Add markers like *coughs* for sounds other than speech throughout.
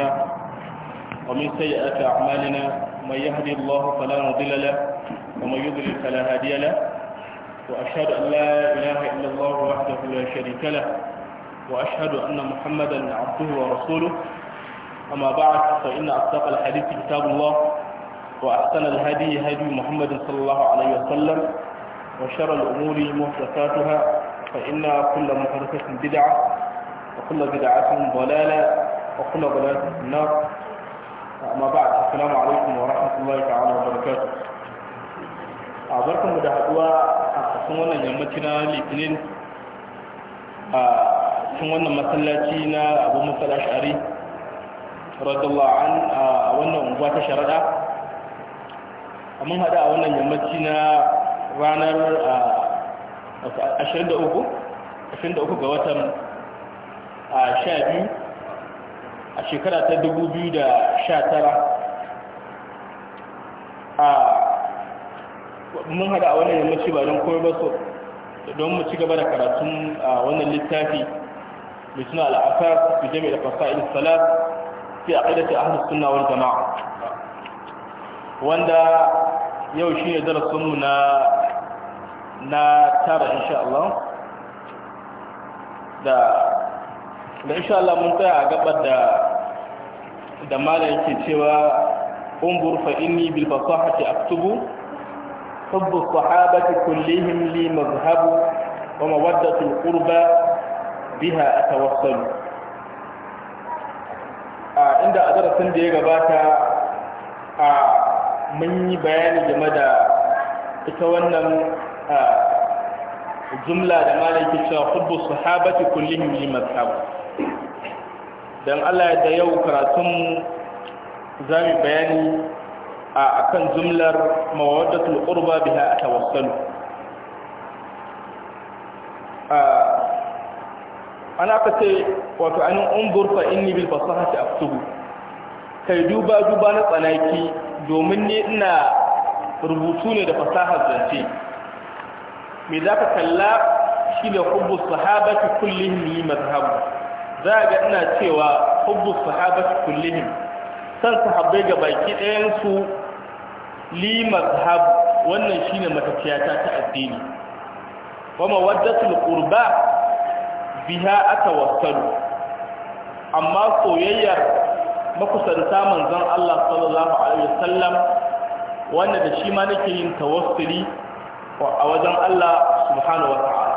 أنفسنا ومن سيئات أعمالنا من يهدي الله فلا مضل له ومن يضلل فلا هادي له وأشهد أن لا إله إلا الله وحده لا شريك له وأشهد أن محمدا عبده ورسوله أما بعد فإن أصدق الحديث كتاب الله وأحسن الهدي هدي محمد صلى الله عليه وسلم وشر الأمور محدثاتها فإن كل محدثة بدعة وكل بدعة ضلالة وكل ضلالة في النار أما بعد السلام عليكم ورحمة الله تعالى وبركاته أعذركم مدهدوا أقسم wannan yammaci na litinin a cikin wannan masallaci na abu musala shari radallahu an a wannan unguwa ta sharaɗa mun haɗu a wannan yammaci na ranar 23 ga watan a shekara ta 2019 a mun hada a wannan yammaci ba don kuma ba don mu ci gaba da karatun a wannan littafi mai suna al'afar su jami'a da fasa'il salat fi aqidati ahlus sunna wani jama'a wanda yau shi ne darasinmu na na tara insha Allah da da insha Allah mun tsaya a gabar da da malam yake cewa umbur fa inni bil fasahati aktubu hubb sahabati kullihim li mazhabu wa mawaddatu qurba biha atawassalu a inda a darasin da ya gabata a mun yi bayani game da ita wannan jumla da malaki cewa hubbu sahabati kullihim li mazhab dan Allah da yau karatun zamu bayani a akan jumlar mawaddatul qurba biha atawassalu a ana kace wato an umbur fa inni bil fasahati aktubu kai duba duba na tsanaki domin ni ina rubutu ne da fasahar zance me za ka kalla shi ne hubbus sahabatu kullihim yi mazhabu za a ga ina cewa hubbu sahabatu kullihim san sahabai ga baki ɗayan su li mazhabu wannan shi ne matafiyata ta addini wa mawaddatul qurba biha atawassalu amma soyayyar makusanta manzon Allah sallallahu alaihi wasallam wanda da shi ma nake yin tawassuli a wajen Allah subhanahu wa ta'ala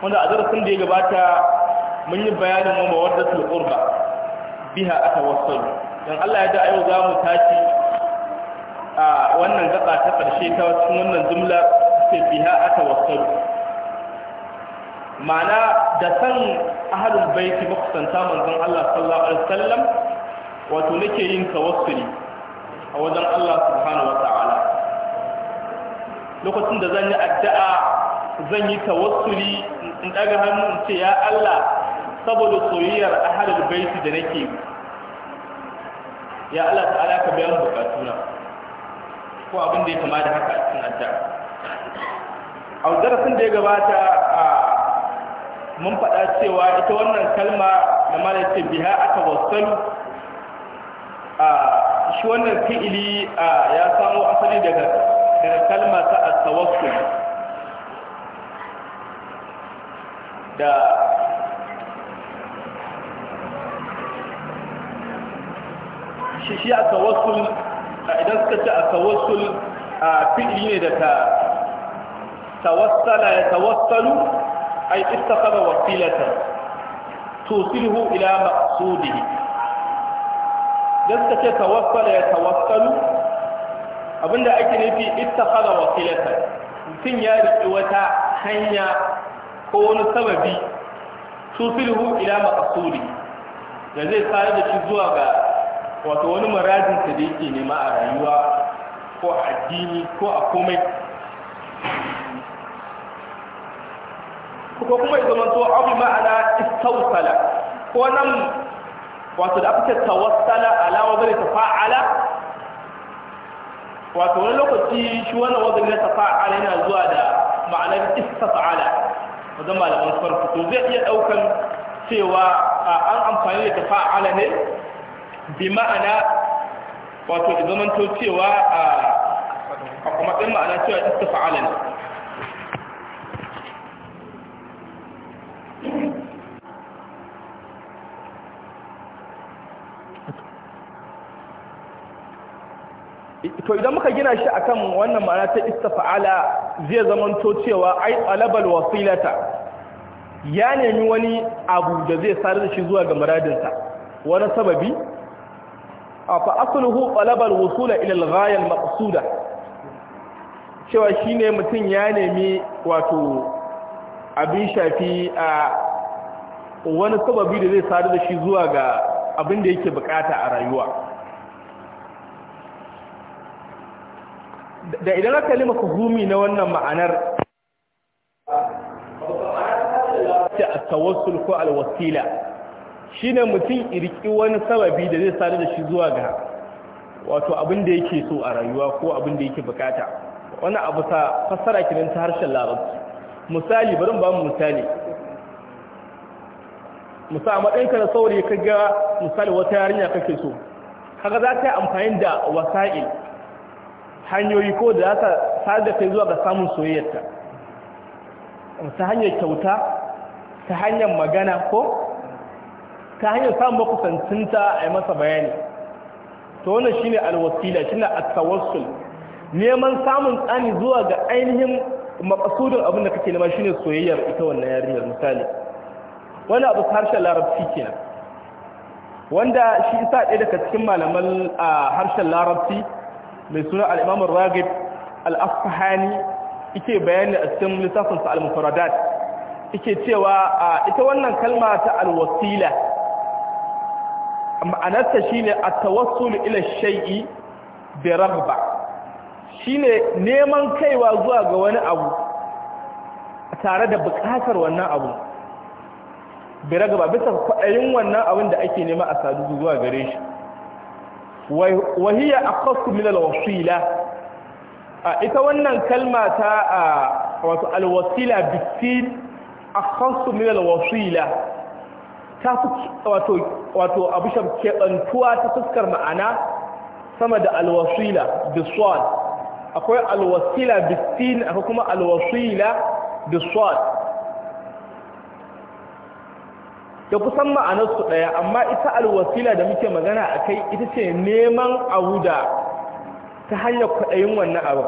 wanda a darasin da ya gabata mun yi bayanin wa mawaddatul qurba biha atawassalu dan Allah ya da yau za mu tashi a wannan gaba ta karshe ta cikin wannan jumla ce biha atawassalu ma'ana da san ahlul baiti makusanta manzon Allah sallallahu alaihi wasallam wato nake yin tawassuli a wajen Allah subhanahu wa ta'ala lokacin da zan yi addu'a zan yi tawassuli in daga hannu in ce ya Allah saboda soyayyar ahlul baiti da nake ya Allah ta alaka bayan mu bukatuna ko abin da ya kama da haka a cikin addu'a a darasin da ya gabata a mun faɗa cewa ita wannan kalma da malai ce biha aka wasalu a shi wannan fi'ili ya samo asali daga daga kalma ta a tawakkul da shi shi at idan suka ce at-tawassul a fi'li ne da ta tawassala ya tawassalu ay ittakhadha wasilatan tusilhu ila maqsudihi dan ce tawassala ya tawassalu abinda ake nufi ittakhadha wasilatan mutum ya riƙi wata hanya ko wani sababi tusilhu ila maqsudi da zai tsare da shi zuwa ga wato wani muradin ta da yake nema a rayuwa ko a addini ko a komai ko kuma ya zama to abu ma'ana istawsala ko nan wato da aka tawassala ala wa zai tafa'ala wato wani lokaci shi wannan wazin na ala yana zuwa da ma'anar ala wajen malaman farko to zai iya daukan cewa an amfani da ala ne bi ma'ana wato zamanto cewa a kuma ɗin ma'ana cewa ala ne to idan muka gina shi akan wannan ma'ana ta istafa'ala zai zamanto cewa ai alabal wasilata ya nemi wani abu da zai sare da shi zuwa ga muradinsa wani sababi a fa asluhu talabal wusula ila al-ghaya al-maqsuda cewa shine mutum ya nemi wato abin shafi a wani sababi da zai sare da shi zuwa ga abin da yake bukata a rayuwa da idan aka lima kuhumi na wannan ma'anar ta a tawassul ko alwasila shi ne mutum irki wani sababi da zai sadu da shi zuwa ga wato abin da yake so a rayuwa ko abin da yake bukata wani abu ta fassara kiran ta harshen larabci misali bari ba mu misali misali matsayinka da saurayi ka ga misali wata yarinya kake so kaga za ka yi amfani da wasa'il hanyoyi ko da za ta sadar kai zuwa ga samun soyayyarta ta hanyar kyauta ta hanyar magana ko ta hanyar samun makusancinta a yi masa bayani ta wannan shine alwasila shine a tawassul neman samun tsani zuwa ga ainihin makasudin abinda kake nema ne soyayyar ita wannan yarinyar misali wani abu harshen larabci kenan wanda shi isa ɗaya daga cikin malaman a harshen larabci mai suna al'imamun ragib al'afahani ike bayani a cikin lissafinsa al-mufaradat ike cewa ita wannan kalma ta al-wasila ma'anarta shi ne a tawassul ila shai'i da ragba shi ne neman kaiwa zuwa ga wani abu tare da bukatar wannan abu bi ragaba bisa kwaɗayin wannan abin da ake nema a sadu zuwa gare shi wahiya akhassu min alwasila ita wannan kalma ta wato alwasila bisin akhassu min alwasila ta wato wato abushan kebantuwa ta fuskar ma'ana sama da alwasila biswad akwai alwasila bisin akwai kuma alwasila biswad da kusan ma'anarsu ɗaya amma ita alwasila da muke magana a kai ita ce neman abu da ta hanyar kwaɗayin wannan abu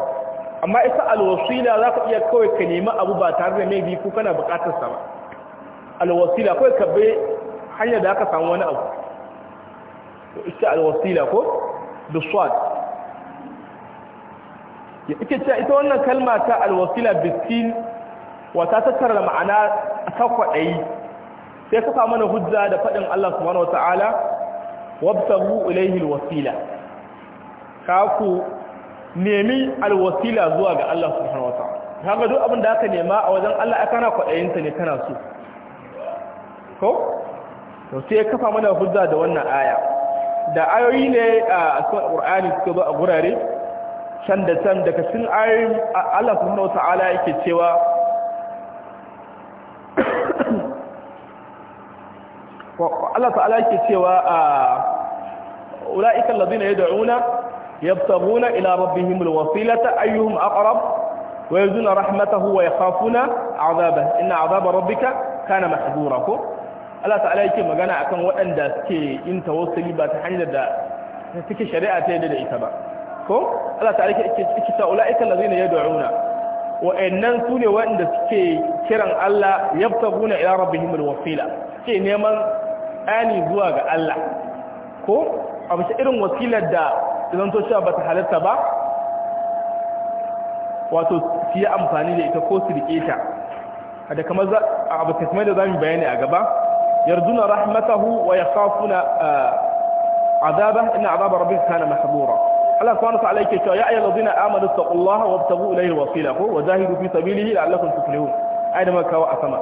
amma ita alwasila za ka iya kawai ka nemi abu ba tare da mai biyu ko kana buƙatar sa ba alwasila kawai ka bai hanyar da aka samu wani abu ita alwasila ko da swat yake cewa ita wannan kalma ta alwasila bisin wata tattara ma'ana ta kwaɗayi sai kafa mana hujja da faɗin Allah subhanahu ta'ala wabtahu ilayhi alwasila ka ku nemi alwasila zuwa ga Allah subhanahu ta'ala kaga duk abin da aka nema a wajen Allah aka na kwaɗayin ta ne kana so ko to sai kafa mana hujja da wannan aya da ayoyi ne a cikin Qur'ani suka zo a gurare can da can daga cikin ayoyin Allah subhanahu ta'ala yake cewa Allah ta'ala yake cewa a ulaika alladhina yad'una yabtaghuna ila rabbihim alwasilata ayyuhum aqrab wa yarjuna rahmatahu wa yakhafuna 'adhabahu inna 'adhaba rabbika kana mahdura ko Allah ta'ala yake magana akan waɗanda suke yin tawassuli ba ta hanyar da take shari'a ta yadda da ita ba ko Allah ta'ala yake yake ta ulaika alladhina yad'una wa'annan sune waɗanda suke kiran Allah yabtaghuna ila rabbihim alwasila suke neman ali zuwa ga Allah ko a bisa irin wasilar da to cewa ta halarta ba wato su yi amfani da ita ko su rike ta da kamar a bisa kamar da zamu bayani a gaba yarduna rahmatahu wa yakhafuna eh, azaba inna azaba rabbika kana mahdura Allah subhanahu ta ta'ala yake cewa ya ayyuhallazina amanu taqullaha wabtagu ilayhi wasila ko wajahidu fi sabilihi la'allakum tuflihun ayi da makawa a sama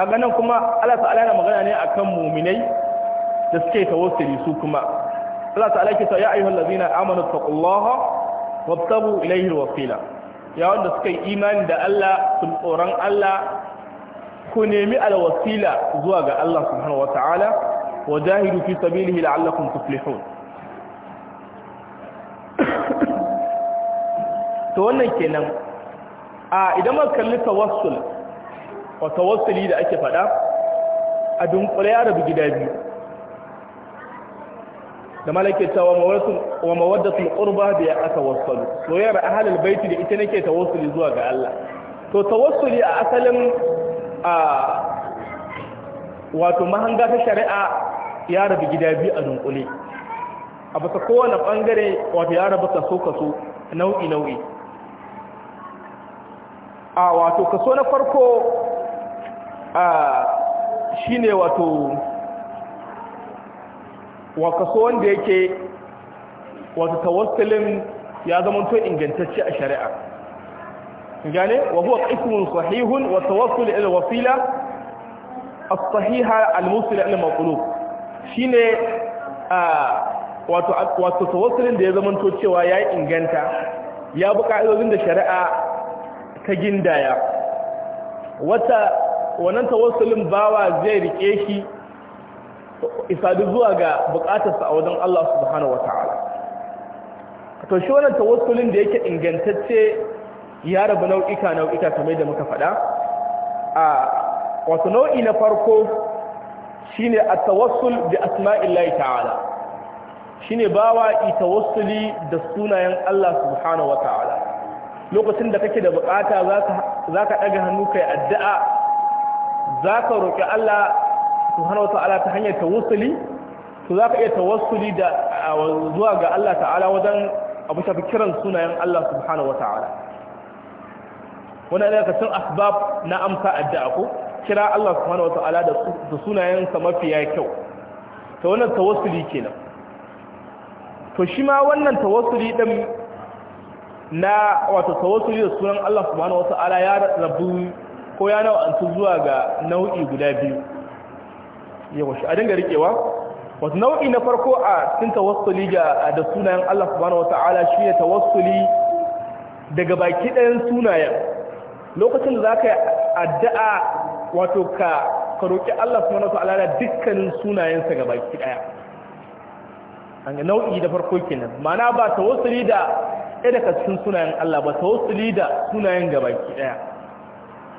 kaga nan kuma Allah ta'ala yana magana ne akan mu'minai da suke tawassuli su kuma Allah ta'ala ke cewa ya ayyuhal ladina amanu taqullaha wabtagu ilayhi alwasila ya wanda suka yi imani da Allah sun tsoron Allah ku nemi alwasila zuwa ga Allah subhanahu wata'ala jahidu fi sabilihi la'allakum tuflihun *coughs* to wannan kenan a idan muka kalli tawassul wa tawassuli da ake faɗa a dunkule ya rabu gida biyu da malake ta wa mawaddatul qurba bi atawassalu a ahlul baiti da ita nake tawassuli zuwa ga Allah to tawassuli a asalin a wato mahanga ta shari'a ya rabu gida biyu a dunkule a bisa kowane bangare wato ya rabu kaso kaso nau'i nau'i a wato kaso na farko shi ne wato wakaso wanda yake wato tawassulin ya zama to ingantacce a shari'a gane wa huwa qismun sahihun wa tawassul ila wasila as-sahiha al musli ila maqlub shine wato wato tawassulin da ya zama to cewa yayi inganta ya buƙaci ka'idodin da shari'a ta gindaya wata wannan tawassulin bawa zai rike shi isadu zuwa ga bukatarsa a wajen Allah subhanahu wataala to shi wannan tawassulin da yake ingantacce ya rabu nau'ika nau'ika kamar da muka faɗa a wato nau'i na farko shine at-tawassul bi asma'illahi ta'ala shine bawa itawassuli da sunayen Allah subhanahu wataala lokacin da kake da bukata zaka zaka daga hannu kai addu'a za ka roƙi Allah subhanahu wata'ala ta hanyar tawassuli to za ka iya tawassuli da zuwa ga Allah ta'ala wajen abu shafi kiran sunayen Allah subhanahu wata'ala wannan daga cikin asbab na amsa a ko kira Allah subhanahu wata'ala da sunayensa mafiya kyau ta wannan tawassuli kenan to shi ma wannan tawassuli din na wato tawassuli da sunan Allah subhanahu wata'ala ya rabu ko ya nau'antu zuwa ga nau'i guda biyu ya shi a dinga rikewa wasu nau'i na farko a cikin tawassuli ga da sunayen Allah subhanahu wata'ala ne tawassuli daga baki ɗayan sunayen lokacin da za ka yi addu'a wato ka ka Allah subhanahu wata'ala da dukkanin sunayensa ga baki ɗaya an ga nau'i da farko kenan ma'ana ba tawassuli da ɗaya daga cikin sunayen Allah ba tawassuli da sunayen ga baki ɗaya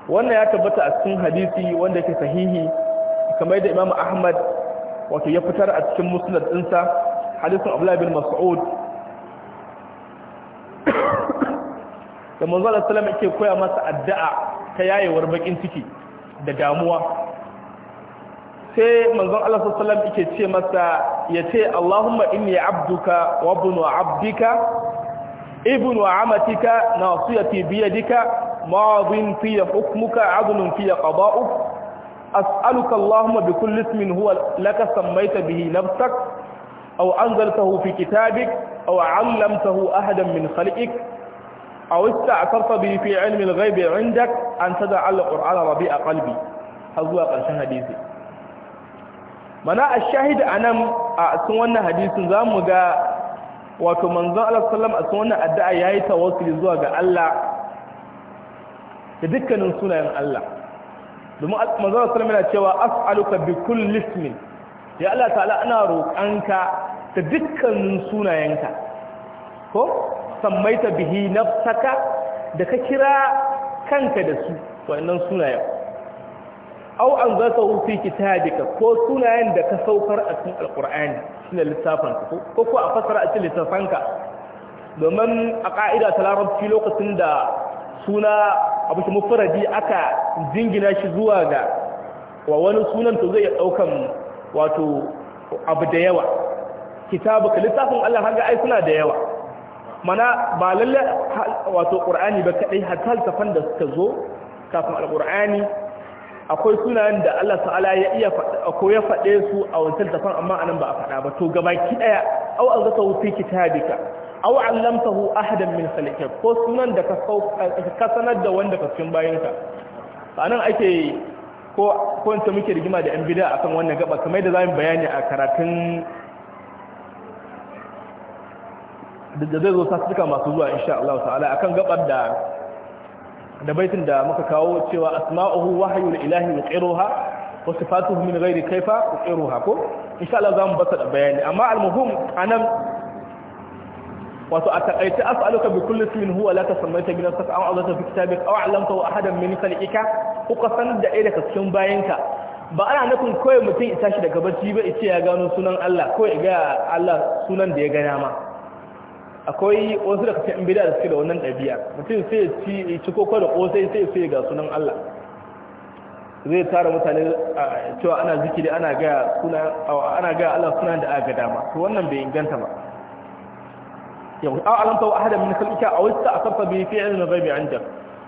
wannan ya tabbata a cikin hadisi wanda yake sahihi kamar da Imam Ahmad wato ya fitar a cikin musnad ɗinsa hadisin Abdullah bin Mas'ud da manzo Allah sallallahu alaihi koya masa addu'a ta yayewar bakin ciki da damuwa sai manzon Allah sallallahu alaihi yake ce masa yace Allahumma inni abduka wa ibnu abdika ibnu amatika nasiyati biyadika ماض في حكمك عدل في قضاؤك أسألك اللهم بكل اسم هو لك سميت به نفسك أو أنزلته في كتابك أو علمته أحدا من خلقك أو استعثرت به في علم الغيب عندك أن تجعل القرآن ربيع قلبي هذا قرشان حديثي mana a shahid a nan a cikin wannan hadisin za mu ga wato manzon Allah sallam a cikin wannan addu'a yayi tawassuli zuwa ga Allah da dukkanin sunayen Allah domin manzara salama yana cewa as'aluka bi kulli ismin ya Allah ta'ala ana roƙanka da dukkanin sunayenka ko sammaita bihi nafsaka da ka kira kanka da su wa'annan sunayen au an za ta kitabika ko sunayen da ka saukar a cikin alkur'ani shine littafin ka ko ko a fasara a cikin littafin ka domin a ka'ida ta larabci lokacin da suna abu shi aka jingina shi zuwa ga wa wani sunan to zai daukan wato abu da yawa kitabuka littafin Allah hanga ai suna da yawa mana ba lalle wato qur'ani ba kadai hatta tafan da suka zo kafin alqur'ani akwai suna da Allah ta'ala ya iya ko ya faɗe su a wancan tafan amma anan ba a faɗa ba to ki ɗaya, au an zaka wuce kitabika aw allamtahu ahadan min salike, ko sunan da ka sanar da wanda ka cikin bayinka anan ake ko ko ta muke rigima da yan bid'a akan wannan gaba kamar da zamu bayani a karatun da zai zo sasuka masu zuwa insha Allah ta'ala akan gabar da da baitin da muka kawo cewa asma'uhu wahyul ilahi yuqiruha wa sifatuhu min ghairi kayfa yuqiruha ko insha Allah zamu basa da bayani amma al-muhim anan wato a takaice as'aluka bi kulli ismin huwa la tasammaita bi nafsika aw azata fi kitabika aw wa ahadan min khalqika ko ka san da ɗaya daga cikin bayanka ba ana nufin koyi mutum ya tashi daga barci ba ce ya gano sunan Allah ko ya ga Allah sunan da ya gana ma akwai wasu daga cikin bid'a da suke da wannan dabi'a mutum sai ya ci ci koko da kosai sai sai ga sunan Allah zai tara mutane cewa ana zikiri ana ga sunan ana ga Allah sunan da aka gada ma to wannan bai inganta ba yau a alamta wa ahada min khalqika aw fiye bi fi ilmi ghaibi indak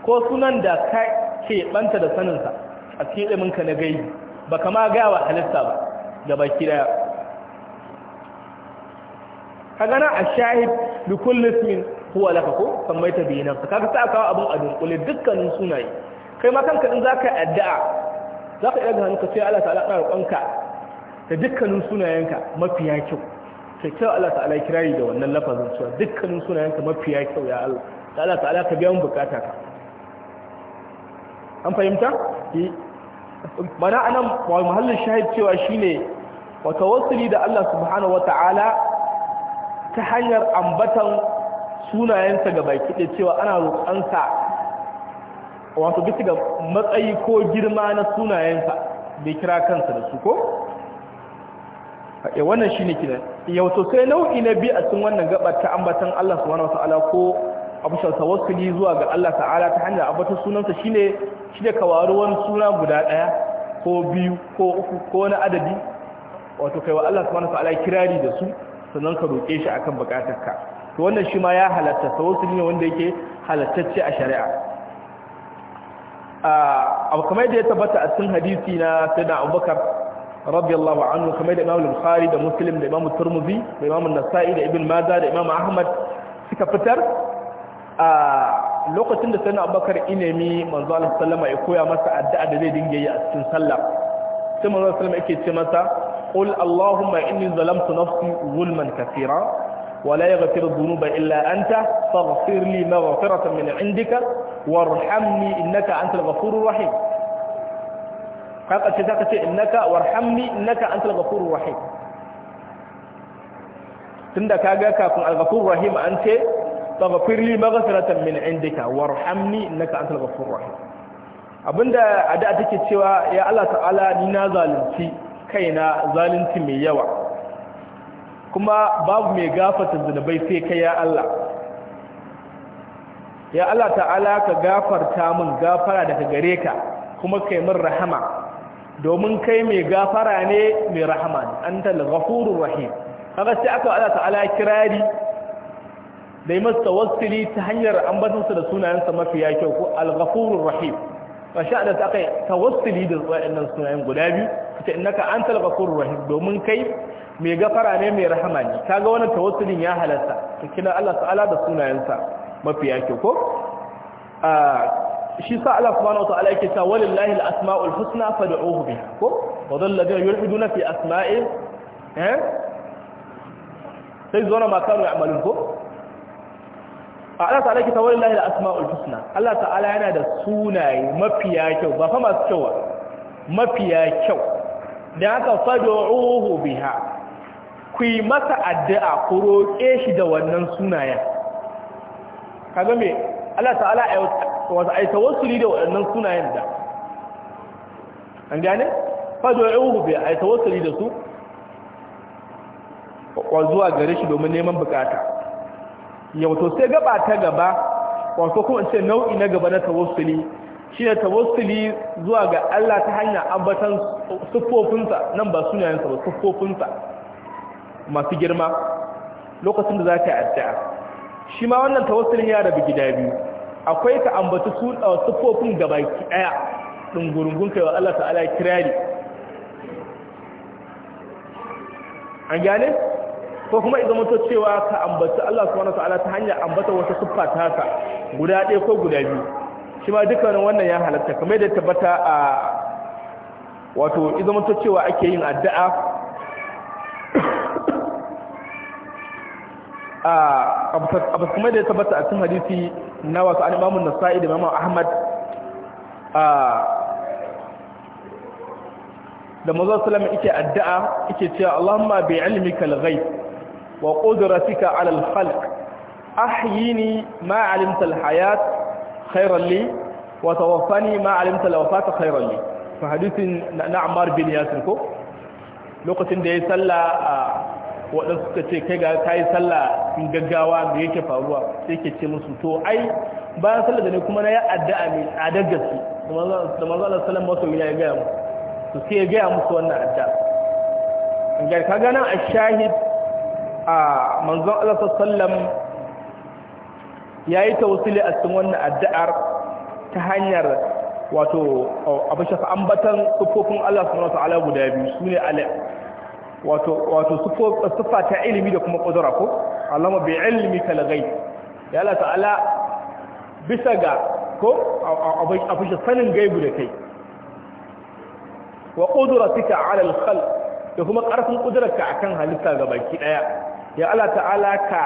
ko sunan da ka ke banta da sanin sa a cikin ilimin minka na gai ba kama ga wa halitta ba da baki daya kaga na ashahid bi kulli ismin huwa laka ko sammaita bi nafsa kaga sai aka abun a dunkule dukkanin sunaye kai ma kanka din zaka yi addu'a zaka iya ga hanka sai Allah ta'ala ka roƙonka da dukkanin sunayenka mafiya kyau kyau Allah ta'ala kirari da wannan lafazin cewa dukkanin sunayenka mafiya kyau ya Allah ta Allah ta'ala ka biya mun bukata ka an fahimta mana anan wa muhallin shahid cewa shine wata wasuli da Allah subhanahu ta'ala ta hanyar ambatan sunayensa ga baki da cewa ana roƙansa wato bisa ga matsayi ko girma na sunayensa bai kira kansa da su ko Eh, wannan shi ne kinan yauto sai nau'i na biyu a cin wannan gabar ta ambatan Allah subhanahu wataala ko abu shan tawassuli zuwa ga Allah ta'ala ta hanyar ambatan sunansa shine ne kawaru wani suna guda ɗaya ko biyu ko uku ko wani adadi wato wa Allah subhanahu wataala kirari da su sannan ka roƙe shi akan bukatarka to wannan shi ma ya halatta tawassuli ne wanda yake halattacce a shari'a a ah, kamar da ya tabbata a cikin hadisi na sayyidina Abubakar radiyallahu anhu kamar da Imam Bukhari da Muslim da Imam Tirmidhi da Imam Nasa'i da Ibn Majah da Imam Ahmad suka fitar a lokacin da sayyidina Abubakar inemi manzo Allah ya koya masa addu'a da zai dinga yi a cikin sallah sai manzo sallama yake ce masa qul allahuma inni zalamtu nafsi zulman katira wa la yaghfiru dhunuba illa anta faghfir li maghfiratan min indika warhamni innaka antal ghafurur rahim ka ƙarshe za ka ce innaka warhamni innaka antal ghafurur rahim tunda ka ga kafin al-ghafurur rahim an ce taghfir li maghfiratan min indika warhamni innaka antal ghafurur rahim abinda ada take cewa ya Allah ta'ala ni na zalunci kaina zalunci mai yawa kuma babu mai gafata zunubai sai kai ya Allah ya Allah ta'ala ka gafarta min gafara daga gare ka kuma kai min rahama domin kai mai gafara ne mai rahama ne an talghafurur rahim kaga sai aka Allah ta'ala kirari dai masa wasili ta hanyar ambatonsa da sunayensa mafiya kyau ko al rahim fa sha da ta kai tawassuli da wayannan sunayen guda biyu kace innaka antal ghafurur rahim domin kai mai gafara ne mai rahama ne kaga wannan tawassulin ya halarta, kina Allah ta'ala da sunayensa mafiya kyau ko a ah, shi sa Allah subhanahu wa ta'ala yake cewa walillahi al-asma'ul husna fad'uhu biha ko wadhal ladina yulhiduna fi asma'i eh sai zuwa ma kanu ya'malun ko Allah ta'ala yake cewa walillahi al-asma'ul husna Allah ta'ala yana da sunaye mafiya kyau ba fa masu kyau mafiya kyau da haka fad'uhu biha ku yi masa addu'a ku roƙe shi da wannan sunayen kaga me Allah ta'ala Wasu ai tawassuli da waɗannan sunayen da an gane fado ya uhu bai ai tawassuli da su wa zuwa gare shi domin neman bukata yau sai gaba ta gaba Wasu kuma ce nau'i na gaba na tawassuli shi ne tawassuli zuwa ga Allah ta hanyar ambatan siffofinsa nan ba sunayensa ba siffofinsa masu girma lokacin da za ka yi addu'a shi ma wannan tawassulin ya rabu gida biyu akwai ka ambaci su da uh, baki daya dungurungun kai wa Allah ta'ala kirari an gane ko kuma idan mutu cewa ka ambaci Allah subhanahu ta'ala ta hanyar ambata wata siffa ta haka guda ɗaya ko guda biyu shi ma dukkanin wannan ya halatta kamar da tabbata a wato idan mutu cewa ake yin addu'a basu kuma da ya tabbata a cin hadisi na wasu al'imamun nasa'i da mamman ahmad da mazal salama ike addu'a ike cewa allahumma bai ilmika al-ghaib wa qudratika ala al-khalq ahyini ma alimta alhayat khairalli khayran li wa tawaffani ma alimta al-wafata khayran li fa hadisin na Ammar bin Yasir ko lokacin da yayi sallah waɗansu suka ce kai ga kayi sallah cikin gaggawa da yake faruwa sai ke ce musu to ai bayan sallar da ne kuma na ya addu'a mai tsadar gaske da manzo Allah sallan masu wina ya gaya musu to sai ya gaya musu wannan addu'a in ga ka gana a shahid a manzo Allah sallam yayi tawassuli a cikin wannan addu'ar ta hanyar wato abu shafa ambatan sufofin Allah subhanahu wa ta'ala guda biyu sune ala wato wato sufa ta ilimi da kuma kudura ko alama bi ilmika lagai ya Allah ta'ala bisa ga ko a fushi sanin gaibu da kai wa qudratika ala al-khalq da kuma karfin kudurarka akan halitta ga baki daya ya Allah ta'ala ka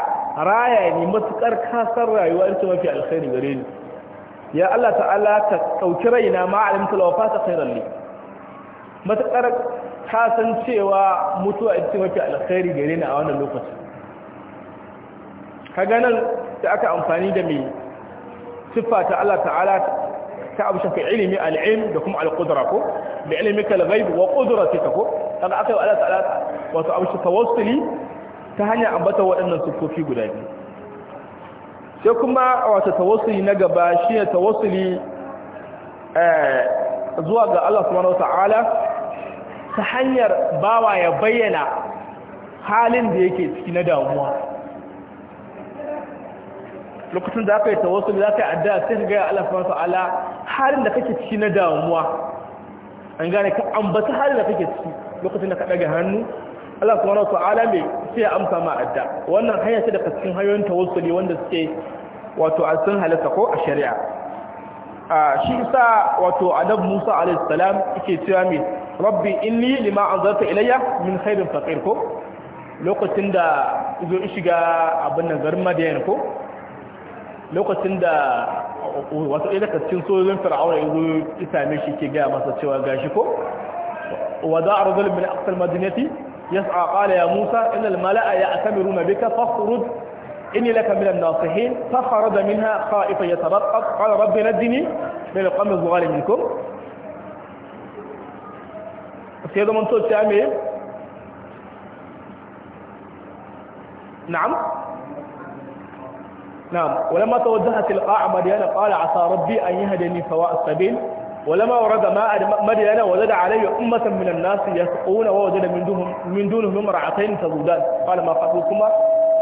raya ni matukar kasar rayuwa ita mafi alkhairi gare ni ya Allah ta'ala ka kauci raina ma alimta lawafata khairan li matukar kasancewa mutuwa ita mafi alkhairi gare ni a wannan lokacin kaga nan da aka amfani da mai siffa ta Allah ta'ala ta abu shafi ilimi al'im da kuma al'udura ko da ilimika al-ghaib wa ta ko kaga aka yi Allah ta'ala wato abu shafi tawassuli ta hanyar ambata waɗannan siffofi guda biyu sai kuma wato tawassuli na gaba shi shine tawassuli eh, zuwa ga Allah subhanahu ta'ala ta hanyar bawa ya bayyana halin da yake ciki na damuwa lokacin da aka yi tawassuli za ka yi addu'a sai ka ga Allah masu ala halin da kake ciki na damuwa an gane ka ambata halin da kake ciki lokacin da ka daga hannu Allah subhanahu ala mai sai ya amsa ma adda wannan hanya ce daga cikin hanyoyin ne wanda suke wato a sun halatta ko a shari'a a shi isa wato annabi Musa alaihi salam yake cewa mai rabbi inni lima anzarta ilayya min khairin faqir ko lokacin da zo shiga abin nan garin Madiyan ko lokacin da wato ɗaya daga cikin sojojin fir'auna ya zo ya same shi ke ga masa cewa gashi ko wa za a min aqsal madinati yas'a qala ya musa inal mala'a ya'tamiruna bika fakhruj inni laka min an-nasihin fa kharaja minha khaifa yataraqqab qala rabbi nadini min al-qawmi adh-dhalimin kum sai zaman to ta me na'am نعم ولما توجهت الأعمديان قال عسى ربي أن يهدني سواء السبيل ولما ورد ماء مدينة وجد عليه أمة من الناس يسقون ووجد من دونهم من دونهم امرأتين تزودان قال ما خطبكما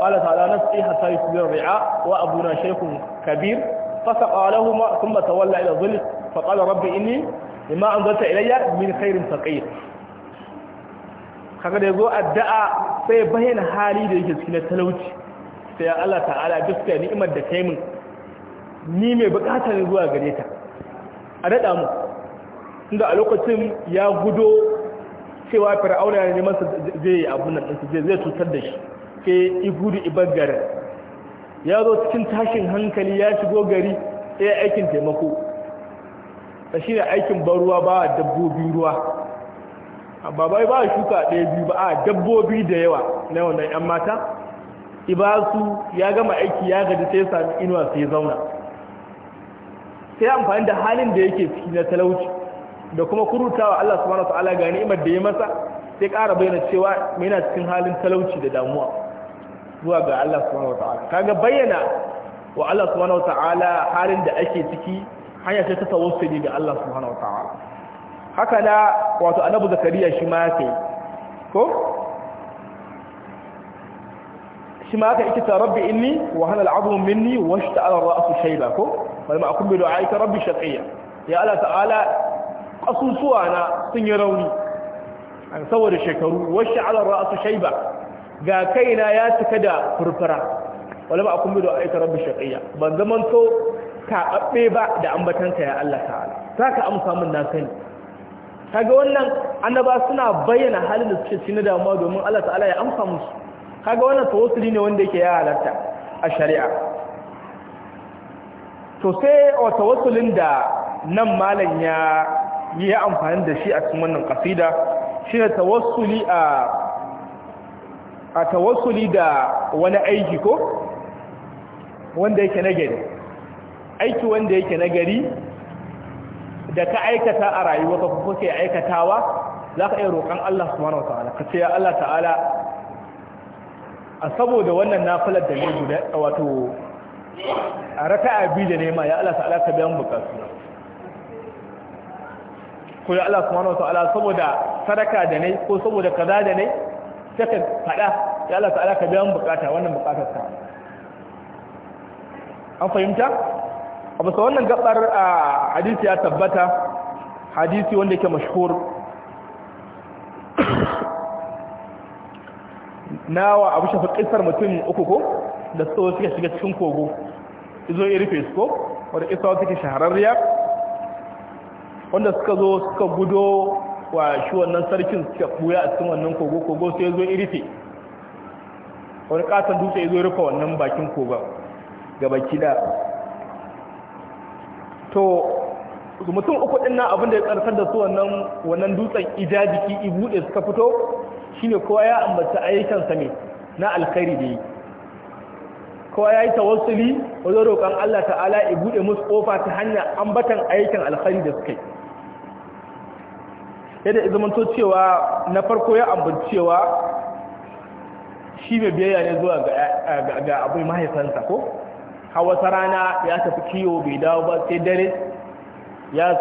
قال تعالى نسقي حتى يصبح الرعاء وأبونا شيخ كبير فسقى لهما ثم تولى إلى الظل فقال ربي إني لما أنزلت إلي من خير فقير kaga يقول الدعاء addu'a بين bayyana hali da yake sai Allah ta'ala duk da ni'imar da kai min ni mai bukatar zuwa gare ta a dada mu inda a lokacin ya gudo cewa fir'auna ya neman sa zai yi abun nan sai zai cutar da shi sai igudu ibagarin ya zo cikin tashin hankali ya shigo gari sai aikin taimako ta shi ne aikin ban ruwa ba a dabbobi ruwa ba bai ba shuka ɗaya biyu ba a dabbobi da yawa na wannan 'yan mata ibasu ya gama aiki ya gaji sai sami inuwa sai zauna sai amfani da halin da yake ciki na talauci da kuma kurutawa Allah subhanahu ta'ala ga ni'imar da ya masa sai ƙara bayyana cewa yana cikin halin talauci da damuwa zuwa ga Allah subhanahu ta'ala kaga bayyana wa Allah subhanahu ta'ala halin da ake ciki hanya ce ta tawassuli ga Allah subhanahu ta'ala haka na wato annabi zakariya shi ma yake ko shi ma aka yi kita rabbi inni wa hana al'abu minni wa shi ta'ala ra'asu shaida ko bal ma akun da aika rabbi shaƙayya ya ala ta'ala ƙasusuwa na sun yi rauni an saboda shekaru wa shi ta'ala ra'asu shaiba ga kaina ya cika da furfura wani ma akun da aika rabbi shaƙayya ban zaman to kaɓaɓɓe ba da ambatanka ya Allah ta'ala za ka amsa min na sani kaga wannan annaba suna bayyana halin da suke cikin damuwa domin Allah ta'ala ya amsa musu kaga wannan tawassuli ne wanda yake ya halatta a shari'a to sai a tawassulin da nan malam ya yi amfani da shi a cikin wannan kasida shi ne tawassuli a a tawassuli da wani aiki ko wanda yake na gari aiki wanda yake na gari da ka aikata a rayuwa ka kuke aikatawa za ka iya roƙon Allah subhanahu wa ta'ala ka ce ya Allah ta'ala a saboda wannan nafilar da ne guda wato a a biyu da nema ya Allah ta'ala ka biyan bukatu ko ya Allah subhanahu wa ta'ala saboda sadaka da ne ko saboda kaza da ne sai ka fada ya Allah ta'ala ka biyan bukata wannan bukatar ka an fahimta a sa wannan gabar hadisi ya tabbata hadisi wanda yake mashhur nawa abu shafi kisar mutum uku ko da su suka shiga cikin kogo izo ya rufe su ko wadda isa ke shahararriya wanda suka zo suka gudo wa shi wannan sarkin suka buya a cikin wannan kogo kogo sai zo ya rufe wani katon dutse ya zo rufe wannan bakin kogon baki da to mutum uku na abin abinda ya tsarkar da su wannan dutsen ija jiki i suka fito shine kowa ya ambata ayyukansa ne na alkhairi da yi kowa ya yi tawassuli wajen roƙon Allah ta'ala ya buɗe musu ƙofa ta hanyar ambatan ayyukan alkhairi da suka yi yadda ya cewa na farko ya ambaci cewa shi mai biyayya ne zuwa ga abin mahaifansa ko hawa ta rana ya tafi kiwo bai dawo ba sai dare ya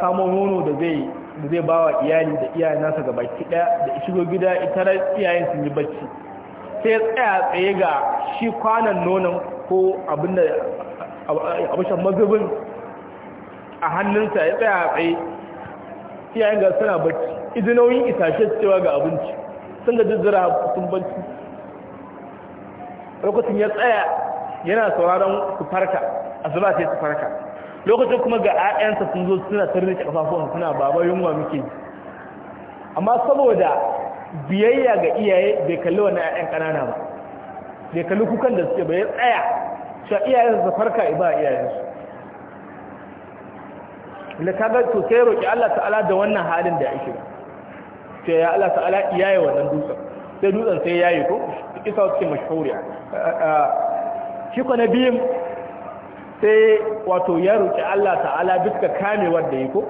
samo nono da zai da zai bawa iyali da iyayen nasa ga baki daya da shigo gida itara iyayen sun yi bacci sai ya tsaya tsaye ga shi kwanan nonon ko abin da abushan mazubin a hannunsa ya tsaya tsaye iyayen ga suna bacci idinoyin itashe cewa ga abinci sun da jizzira sun bacci lokacin ya tsaya yana sauraron su farka a zuba sai su farka lokacin kuma ga 'ya'yansa sun zo suna tarrike kafafuwan suna baba yunwa muke amma saboda biyayya ga iyaye bai kalli wani 'ya'yan ƙanana ba bai kalli kukan da suke bai tsaya Sha iyayen su farka iba iyayensu da ta ga to sai roƙi Allah ta'ala da wannan halin da yake sai ya Allah ta'ala iyaye wannan dutsen sai dutsen sai yayi ko kisa ke mashhuriya shi ko na biyun sai wato ya roƙi Allah ta'ala duka kame wanda yi ko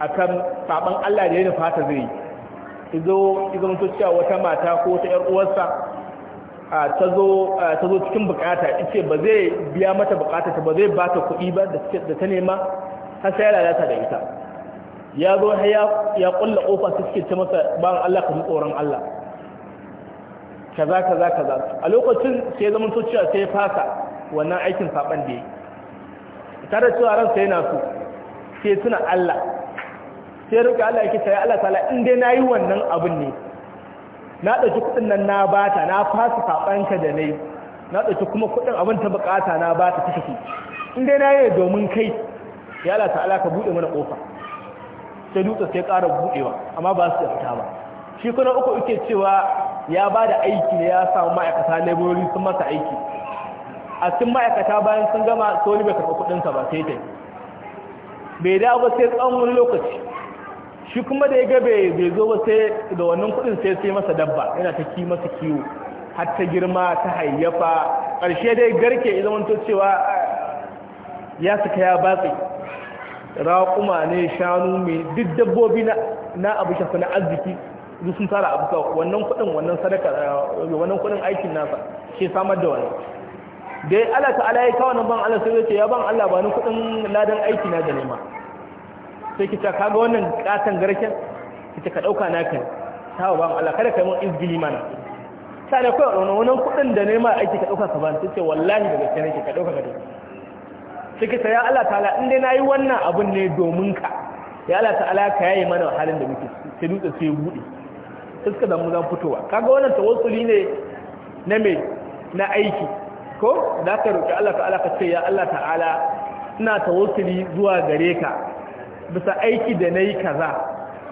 akan saban Allah da ya nufa ta zai izo izo mutu cewa wata mata ko ta yar uwarsa ta zo ta cikin bukata ice ba zai biya mata bukata ta ba zai ba ta kuɗi ba da ta nema har sai lalata da ita ya zo ya ya kulla kofa su suke ce masa ban Allah ka tsoron Allah kaza kaza kaza a lokacin sai zaman to cewa sai fasa wannan aikin saban da yake tare cewa ransa yana so sai suna Allah sai rika Allah yake sai Allah Sala in dai nayi wannan abin ne na dauki kudin nan na bata na fasa sabanka da nayi na dauki kuma kudin abin ta bukata na bata ta tafi in dai nayi domin kai ya Allah ta'ala ka bude mana kofa sai dutse sai ƙara budewa amma ba su fita ba shi kuma uku yake cewa ya bada aiki ne ya samu ma'aikata laborori sun masa aiki a cikin ma'aikata bayan sun gama sai bai karɓi kudinsa ba sai ta bai dawo ba sai tsawon wani lokaci shi kuma da ya ga bai zo ba sai da wannan kuɗin sai sai masa dabba yana ta ki masa kiwo har ta girma ta hayyafa ƙarshe dai garke ya to cewa ya suka ya batse raƙuma ne shanu mai duk dabbobi na abu shafa na arziki duk sun tara abu wannan kudin wannan sadaka wannan kuɗin aikin nasa shi samar da wani da ya Allah ta'ala ya kawo nan ban Allah sai ya ce ya ban Allah ba ni kudin ladan aiki na da nema sai kita ka kaga wannan katan garken kita ka ɗauka na kai ta ban Allah kada kai mun izgili mana sai kai wannan wannan kudin da nema aiki ka ɗauka ka ba sai ce wallahi daga kai nake ka ɗauka ka dauka sai kita ta ya Allah ta'ala in dai nayi wannan abun ne domin ka ya Allah ta'ala ka yayi mana halin da muke sai dutse sai ya bude sai suka damu zan fitowa kaga wannan tawassuli ne na me na aiki ko da ka roƙi Allah ta'ala ka ce ya Allah ta'ala ina tawassuli zuwa gare ka bisa aiki da nayi kaza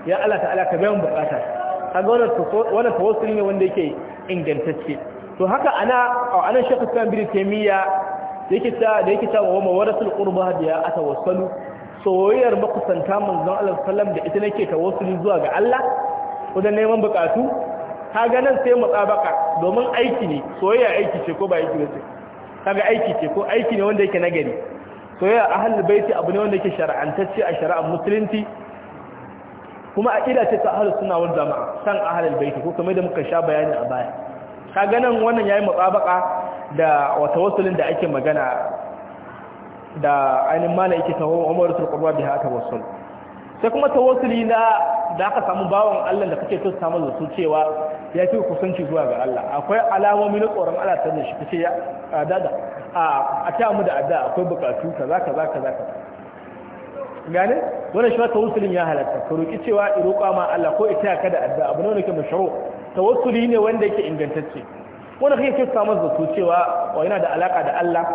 ya Allah ta'ala ka biyan bukata kaga wannan wannan tawassuli ne wanda yake ingantacce to haka ana a anan shekhu kan bin taymiya yake ta da yake ta wa mawaratul qurba biya atawassalu soyayyar makusanta manzon Allah sallam da ita nake tawassuli zuwa ga Allah wajen neman bukatu ka ganin sai mu tsabaka domin aiki ne soyayya aiki ce ko ba aiki ba ce kaga aiki ce ko aiki ne wanda yake nagari soyayya ahlul baiti abu ne wanda yake shar'antacce a shari'ar musulunci kuma aqida ce ta ahlus sunna wal jamaa san ahlul baiti ko kamar da muka sha bayani a baya kaga nan wannan yayi mutsabaka da watawassulin da ake magana da ainin mala yake tawo Umar sul qurba biha tawassul sai kuma tawassuli na da aka samu bawon Allah da kake so samu da su cewa ya fi kusanci zuwa ga Allah akwai alamomi na tsoron Allah ta ne shi kace ya adada a a ta mu da adda akwai bukatu kaza kaza kaza gane wannan shi wusulin ya halatta ka roki cewa i roƙa ma Allah ko ita ka da adda abu ne wanda ke mashru tawassuli ne wanda yake ingantacce wanda kake ke samu zato cewa wa yana da alaka da Allah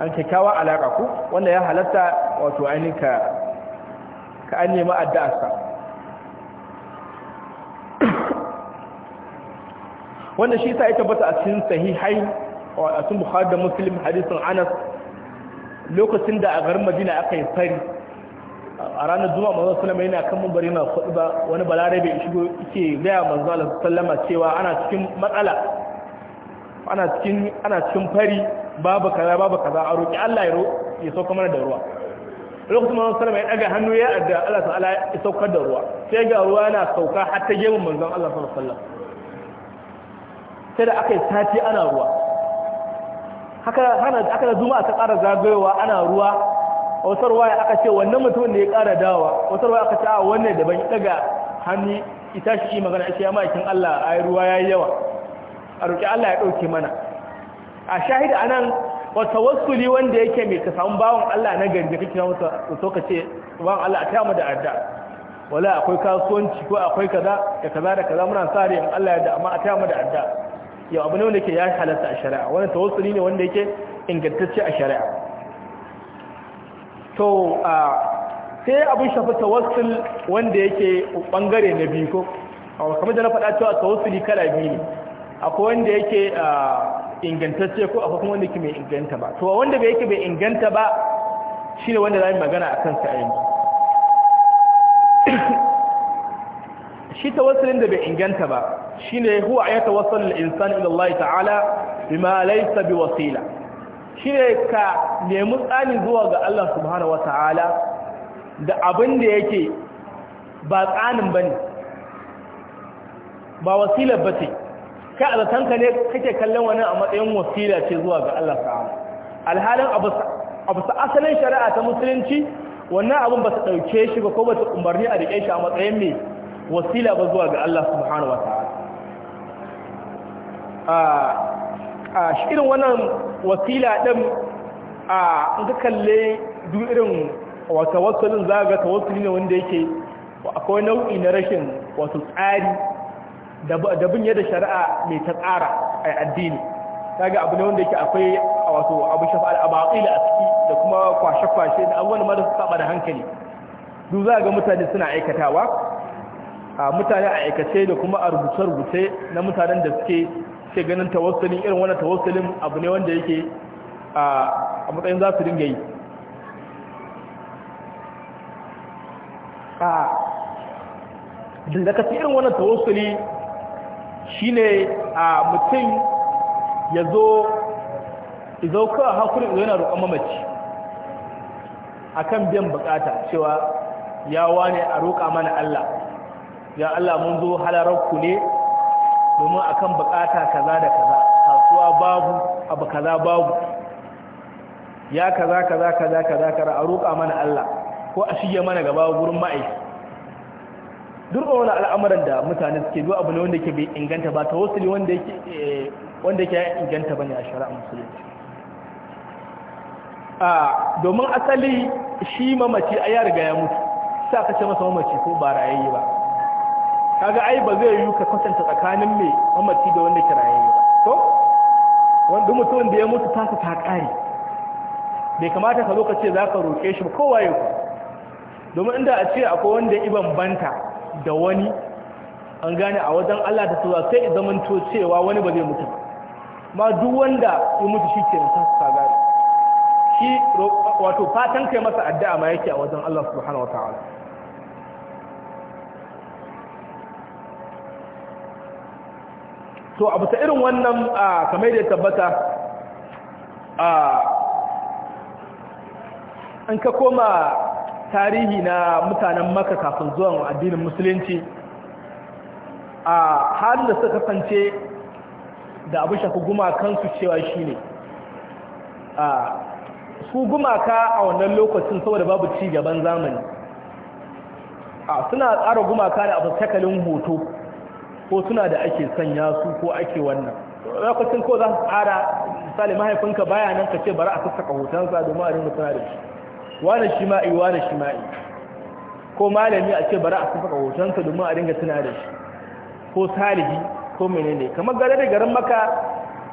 an kyakkyawa alaka ku wanda ya halatta wato ainin ka ka an nemi addu'arsa wanda shi sa ya tabbata a cikin sahihai a cikin bukhari da muslim hadisin anas lokacin da a garin madina aka yi fari a ranar juma'a manzo sallama yana kan mabari na kudu ba wani balare bai shigo yake gaya manzo sallama cewa ana cikin matsala ana cikin ana cikin fari babu kaza babu kaza a roki Allah ya ya sauka mana da ruwa lokacin manzo sallama ya daga hannu ya adda Allah ta'ala ya saukar da ruwa sai ga ruwa yana sauka har ta gemun manzo Allah sallallahu alaihi wasallam sai da aka yi sati ana ruwa haka da a ta ƙara zagayowa ana ruwa a wasar waya aka ce wannan mutum da ya ƙara dawa wasar waya aka ce a wannan da ban daga hannu ita shi yi magana ashe ya ma'aikin Allah a yi ruwa ya yi yawa a roƙi Allah ya ɗauke mana a shahida a nan wata wasuli wanda yake mai ka samu bawan Allah na gari da kake samu da so ka ce bawan Allah a ta mu da adda wala akwai kasuwanci ko akwai kaza da kaza da kaza muna sa yin Allah ya da amma a ta mu da adda yau abu ne wanda ke ya halatta a shari'a wanda ta tawassuli ne wanda yake ingantacce a shari'a to a sai abin shafi tawassul wanda yake bangare na biyu ko kamar da na faɗa cewa tawassuli kala biyu ne akwai wanda yake ingantacce ko akwai kuma wanda yake mai inganta ba to wanda bai yake bai inganta ba shi ne wanda za mu magana a sa a yanzu shi tawassulin da bai inganta ba shine huwa ay tawassul al-insan ila Allah ta'ala bima laysa biwasila shine ka nemi tsani zuwa ga Allah subhanahu wata'ala da abin da yake ba tsanin bane ba wasila bace ka azatanka ne kake kallon wani a matsayin wasila ce zuwa ga Allah ta'ala alhalin abu sa asalin shari'a ta musulunci wannan abin ba su ɗauke shi ba ko ba su umarni a riƙe shi a matsayin mai wasila ba zuwa ga Allah subhanahu wataala a shirin wannan wasila din a in ka kalle duk irin wata wasulin za ga tawassuli ne wanda yake akwai nau'i na rashin wasu tsari da bin yadda shari'a mai ta tsara a addini kaga abu ne wanda yake akwai wato abu shafa al'abatil a ciki da kuma kwashe-kwashe da abubuwan ma da su saba da hankali duk za ga mutane suna aikatawa a mutane a aikace da kuma a rubuce-rubuce na mutanen da suke ke ganin tawassulin irin wani tawassulin abu ne wanda yake a matsayin za su dinga yi a dindakasi irin wani tawassuli ne a mutum ya zo izo kawai hakurin yana roƙon mamaci akan biyan bukata cewa ya wane a roƙa mana Allah ya Allah mun zo halararku ne domin akan bukata kaza da kaza kasuwa babu abu kaza babu ya kaza kaza kaza kaza kaza a roƙa mana Allah ko a shige mana gaba gurin ma'aiki duk wani al'amuran da mutane suke duk abu ne wanda ke bai inganta ba ta wasu ne wanda ke eh, inganta ne a shari'a musulunci a domin asali shi mamaci a ya riga ya mutu sai kace masa mamaci ko ba rayayye ba kaga ai ba zai yi ka kwatanta tsakanin mai mamaci da wanda kiraye ba to wanda mutum da ya mutu tasa ta kare bai kamata ka zo ka ce za ka roƙe shi kowa yau domin inda a ce akwai wanda ya iban banta da wani an gane a wajen Allah ta tura sai mun to cewa wani ba zai mutu ba. ma duk wanda ya mutu shi ke nasa ta gari shi wato fatan kai masa addu'a ma yake a wajen Allah subhanahu wataala to abu ta irin wannan kamar da tabbata an ka koma tarihi na mutanen maka kafin zuwan addinin musulunci a halin da suka kasance da abu shafi gumakansu cewa shi ne su gumaka a wannan lokacin saboda babu ci gaban zamani suna tsara gumaka da abu shakalin hoto ko suna da ake sanya su ko ake wannan lokacin ko za su tsara misali mahaifinka baya nan ka ce bari a sassaka hotonsa domin a rinka suna da shi wane shi ma'i wane shi ko malami a ce bari a sassaka hotonsa domin a rinka suna da shi ko salihi ko menene kamar gare da garin maka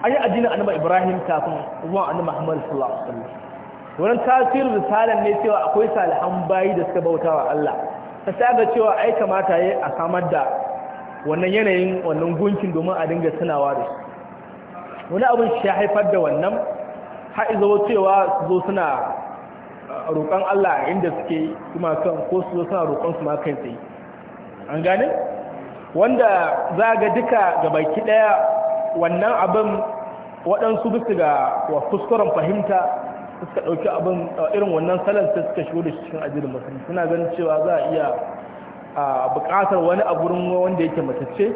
an yi addinin annabi ibrahim kafin zuwa annabi muhammad sallallahu alaihi wasallam wurin tasirin risalan ne cewa akwai salihan bayi da suka bautawa Allah ta ga cewa ai kamata yayi a samar da wannan yanayin wannan gunkin domin a dinga tunawa da shi wani abin shi ya haifar da wannan ha'izo cewa su zo suna uh, roƙon Allah inda suke kuma kan ko su zo suna roƙon su ma kai tsaye an gane wanda za ga duka ga baki ɗaya wannan abin waɗansu bisu ga wa kuskuren fahimta suka ɗauki abin uh, irin wannan salar suka shigo da shi cikin ajiyar musulmi suna ganin cewa za a iya a bukatar wani a gurin wanda yake matacce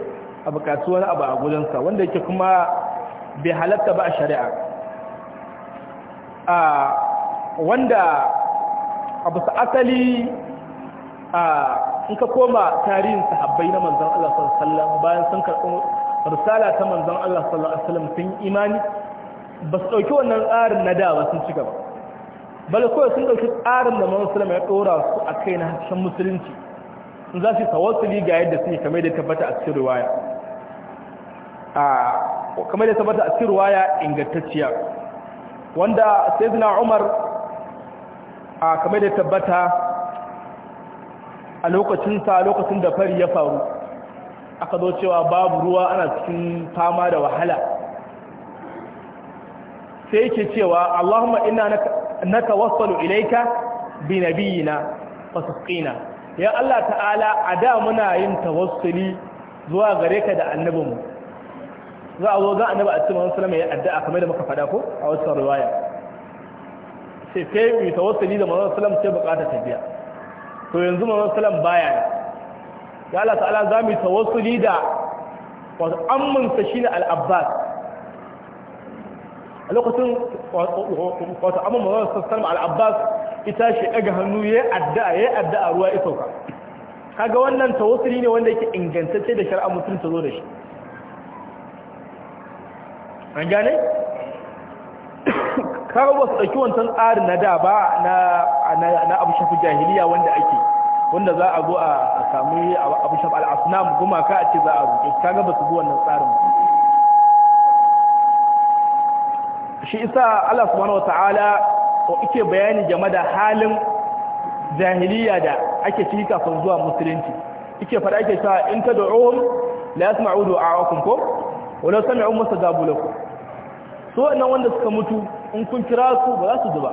a bukatu wani abu a gurinsa wanda yake kuma bai halatta ba a shari'a a wanda abu su asali a in ka koma tarihin sahabbai na manzan Allah sallallahu bayan sun karɓi rusala ta manzan Allah sallallahu alaihi wasallam sun imani ba su ɗauki wannan tsarin na da ba sun ci gaba bal sun ɗauki tsarin da manzan sallallahu alaihi ya ɗora su a kai na harshen musulunci in za su tawassuli ga yadda su yi kamar da tabbata a cikin ruwaya a kamar da tabbata a cikin ruwaya ingantacciya wanda sayyidina Umar a kamar da tabbata a lokacin sa lokacin da fari ya faru aka zo cewa babu ruwa ana cikin fama da wahala sai yake cewa Allahumma inna natawassalu ilayka bi nabiyyina fasqina ya Allah ta'ala a da muna yin tawassuli zuwa gare ka da annabinmu za a zo za a annabi a cikin sallama ya addu'a kamar da muka faɗa ko a wasu riwaya sai sai mu tawassuli da manzon sallam sai bukata ta biya to yanzu manzon sallam baya ne ya Allah ta'ala za mu tawassuli da wato amman sa shine al-abbas a lokacin wato amman manzon sallam al-abbas ita shi ɗaga hannu ya addu'a ya addu'a ruwa ya sauka kaga wannan tawassuli ne wanda yake ingantacce da shari'a mutum ta zo da shi an gane *coughs* kaga wasu ɗauki wancan tsarin na da ba na abu shafi jahiliya wanda ake wanda za a zo a sami abu shafi al'asunam gumaka a ce za a roƙe kaga ba su bi wannan tsarin shi isa Allah subhanahu wa ta'ala ko ike bayani game da halin jahiliya da ake ciki kafin zuwa musulunci ike fara ake cewa in ta da'uhum la yasma'u du'a'akum ko la sami'u mustajabu lakum so wannan wanda suka mutu in kun kira su ba za su ji ba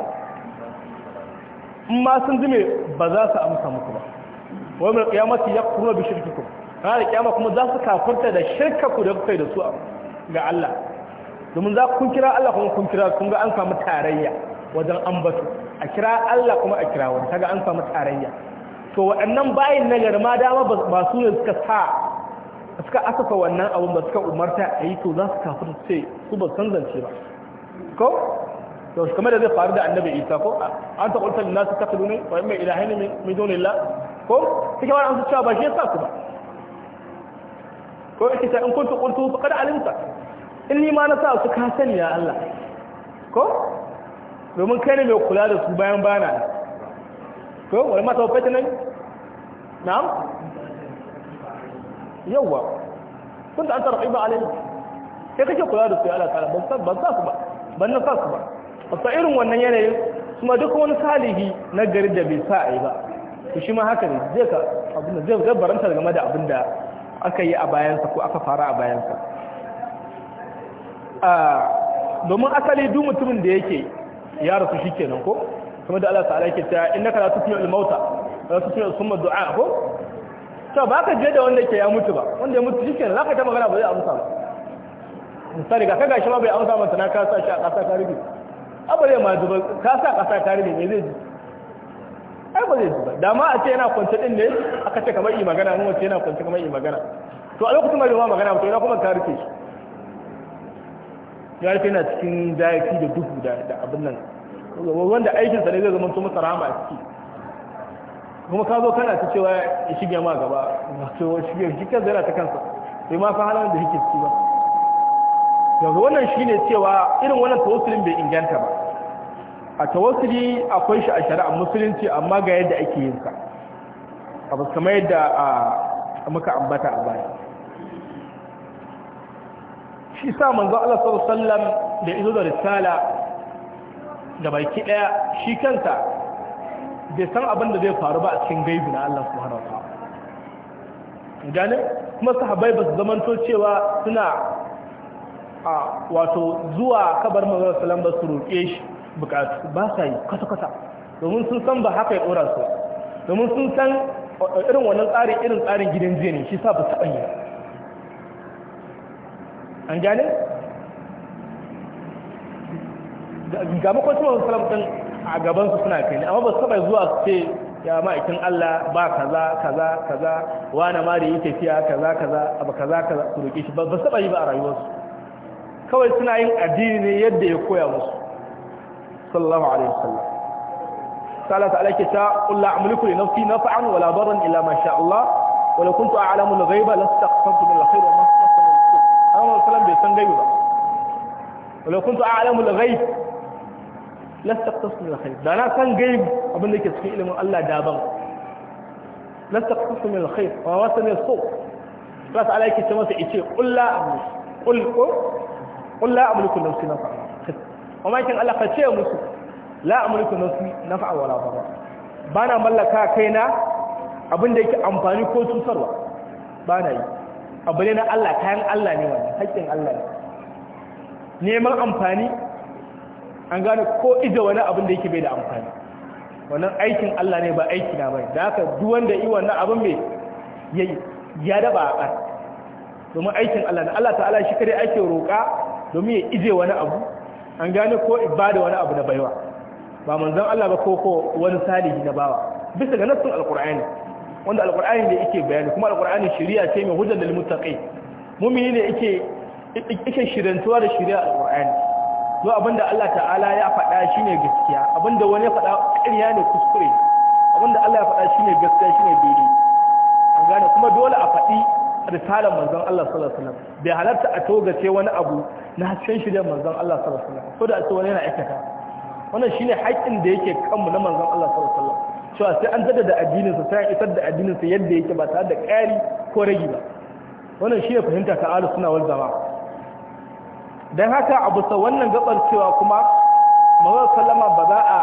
in ma sun ji ba za su amsa muku ba wa min qiyamati yakfuru bi shirkikum har kiyama kuma za su kafirta da shirka ku da kai da su ga Allah domin za ku kira Allah kuma kun kira kun ga an samu tarayya wajen ambato a kira Allah kuma a kira wani kaga an samu tarayya to waɗannan bayin na garma dama ba su ne suka sa suka asafa wannan abun ba suka umarta a yi to za su kafin ce su ba san zance ba ko to kamar da zai faru da annabi isa ko an ta kulta nasu kafiru ne wa mai ilahi ne mai dole la ko suke wani su cewa ba shi yasa su ba ko ita ta in kuntu kuntu kada alimta in ni ma na sa su ka sani ya Allah ko domin kai ne mai kula da su bayan bana ko wani mata wafata nan na'am yawwa kun da an tarfi ba alai sai kake kula da su ya ala ta'ala ban sa su ba ban na sa su ba wasu irin wannan yanayin kuma duk wani salihi na gari da bai sa a yi ba to shi ma haka ne zai ka abinda zai gabaranta game da abin da aka yi a bayansa ko aka fara a bayansa ah, domin asali duk mutumin da yake ya rasu shi kenan ko kuma da Allah ta'ala yake ta inna kana tusmi'u al-mauta la tusmi'u summa du'a ko to ba ka je da wanda ke ya mutu ba wanda ya mutu shi kenan zaka ta magana ba zai amsa ba misali ga kaga shi ma bai amsa mata na ka sa shi a ƙasa ka rubi abare ma zuba ka sa ƙasa ka rubi me zai ji ai ba zai ji ba da ma a ce yana kwance din ne aka ce kamar yi magana mun wace yana kwance kamar yi magana to a lokacin ma bai magana ba to ina kuma ka rufe shi ya rufe na cikin zafi da duhu da abin nan wanda aikinsa ne zai zama to masa rama a ciki kuma ka zo kana ta cewa ya shige ma gaba a shige shi kan zai ta kansa sai ma fa halin da yake ciki ba yanzu wannan shine cewa irin wannan tawassulin bai inganta ba a tawassuli akwai shi a shari'a musulunci amma ga yadda ake yin sa abu kamar yadda muka ambata a baya shi sa manzo Allah sallallahu alaihi wasallam da izo da risala da baki daya shi kanta bai san abin da zai faru ba a cikin gaibi na Allah subhanahu wataala gane kuma sahabbai ba su zamanto cewa suna a wato zuwa kabar manzo sallallahu ba su roƙe shi bukatu ba sa yi kasa-kasa domin sun san ba haka ya dora su domin sun san irin wannan tsarin irin tsarin gidan jiya ne shi sa ba su yi an gane ga makwacin wasu din a gabansu suna kai amma ba su taba zuwa su ce ya ma'aikin Allah ba kaza kaza kaza wani ma da yi tafiya kaza kaza abu kaza kaza su roƙe shi ba su taba yi ba a rayuwarsu kawai suna yin addini ne yadda ya koya musu sallallahu alaihi wasallam قال تعالى كتا قل لا أملك wala نفعا ila ضرا إلا ما شاء الله ولو كنت أعلم الغيب لاستغفرت من الخير وما استغفرت sallallahu alaihi wasallam bai san gaibi ba wala kuntu a'lamu al-ghaib lastaqtasu min al-khair da na san gaibi abin da yake cikin ilimin Allah da ban lastaqtasu min al-khair wa wasani as-suq Allah ta'ala yake ce masa ice qul la amliku qul la amliku nafsi nafa wa ma kin Allah ka ce musu la amliku nafsi nafa wala darra bana mallaka kaina abin da yake amfani ko tusarwa bana yi abu ne na Allah kayan Allah ne wannan haƙƙin Allah ne neman amfani an gane ko ije wani abin da yake bai da amfani wannan aikin Allah ne ba aiki na bai da haka duk wanda yi wannan abin mai ya daba a ƙar domin aikin Allah ne Allah ta'ala shi kare ake roƙa domin ya ije wani abu an gane ko ibada wani abu da baiwa ba manzon Allah ba ko ko wani salihi na bawa bisa ga nassin alqur'ani wanda alkur'ani ne yake bayani kuma alkur'ani shari'a ce mai hujjar da muttaqi mu'mini ne yake yake shirantuwa da shari'a alkur'ani zo abinda Allah ta'ala ya faɗa shine gaskiya abinda wani ya faɗa ƙarya ne kuskure abinda Allah ya faɗa shine gaskiya shine daidai an gane kuma dole a faɗi risalar manzon Allah sallallahu alaihi wasallam bai halarta a ce wani abu na hasken shirya manzon Allah sallallahu alaihi wasallam so da a ce wani yana aikata wannan shine haƙƙin da yake kanmu na manzon Allah sallallahu alaihi wasallam cewa sai an da addininsa sai an isar da addininsa yadda yake ba tare da ƙari ko ragi ba wannan shi ne fahimta ta alu suna wal jama'a don haka abu sa wannan gabar cewa kuma mawar sallama ba za a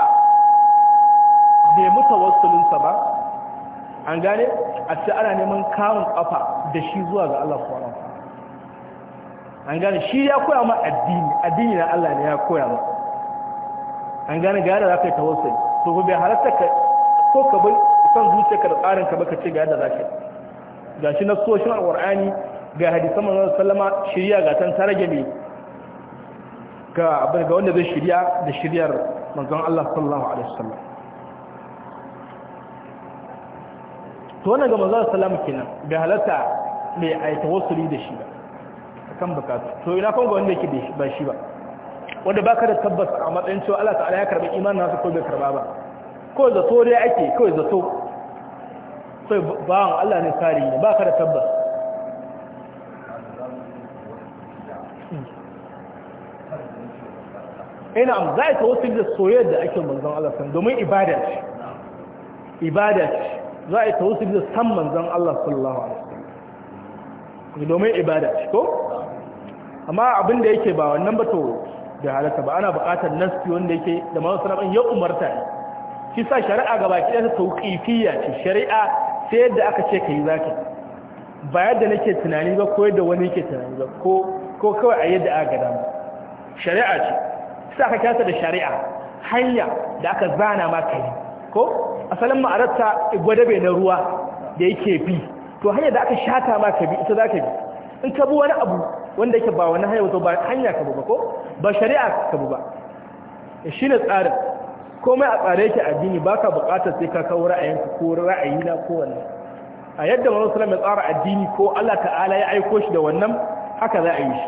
bai mutu wasulunsa ba an gane a ce ana neman kamun kafa da shi zuwa ga Allah kuwa an gane shi ya koya ma addini addini na Allah ne ya koya ma an gane gane za ka yi tawassuli to ku bai halatta ko ka bai san ka da tsarin ka baka ce ga yadda zaka gashi na soshin alqur'ani ga hadisan manzon sallama shiriya ga tan tarage ne ga abin ga wanda zai shirya da shiryar manzon Allah sallallahu alaihi wasallam to wannan ga manzon sallama kenan bai halatta mai aita wasuli da shi ba kan bukatu to ina kan ga wanda yake ba shi ba wanda baka da tabbas a matsayin cewa Allah ta'ala ya karbi imanin nasu ko bai karba ba kawai zato dai ake kawai zato sai bawan Allah ne tsari ne ba ka da tabbas ina eh, am za a ta wasu da soyayyar da ake manzon Allah san domin ibada ce ibada ce za a ta wasu da san manzon Allah sallallahu alaihi wasallam domin ibada ko amma abin da yake ba wannan ba to da halatta ba ana buƙatar nasfi wanda yake da manzon sallallahu ya umarta ne shi sa shari'a ga baki ɗaya tauƙifiyya ce shari'a sai yadda aka ce ka yi za ka ba yadda nake tunani ba ko yadda wani yake tunani ba ko kawai a yadda aka gada shari'a ce sai aka kyasa da shari'a hanya da aka zana ma ka yi ko asalin ma'ararta bai na ruwa da yake bi to hanya da aka shata ma ka bi ita za ka bi in ka bi wani abu wanda yake ba wani hanya ba hanya ka bi ba ko ba shari'a ka bi ba shi ne tsarin komai a tsare ki addini baka buƙatar sai ka kawo ra'ayinka ko ra'ayi na ko wannan a yadda manzon sallallahu alaihi ya tsara addini ko Allah ta'ala ya aiko shi da wannan haka za a yi shi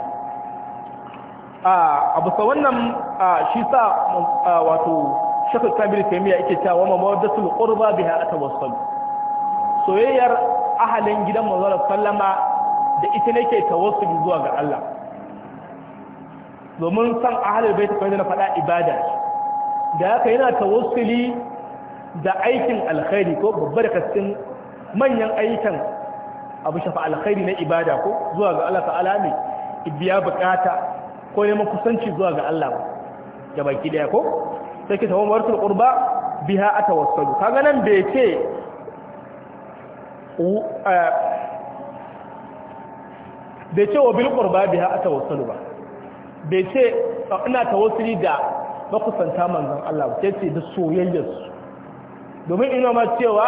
a abu sa wannan shi sa wato shakul kabir taymiya yake cewa wa mawaddatul qurba biha atawassal soyayyar ahalin gidan manzon sallama da ita nake tawassul zuwa ga Allah domin san ahalul bait kai da na faɗa ibada da haka yana tawassuli da aikin alkhairi ko babbar kaskin manyan aikin abu shafa alkhairi na ibada ko zuwa ga Allah ta'ala ne biya bukata ko neman kusanci zuwa ga Allah da baki daya ko sai ki tawon warsul qurba biha atawassalu kaga nan da yake eh, bai ce wa bil qurba biha atawassalu ba bai ce ina tawassuli da makusanta manzan Allah ba ce da soyayyarsu domin ina ma cewa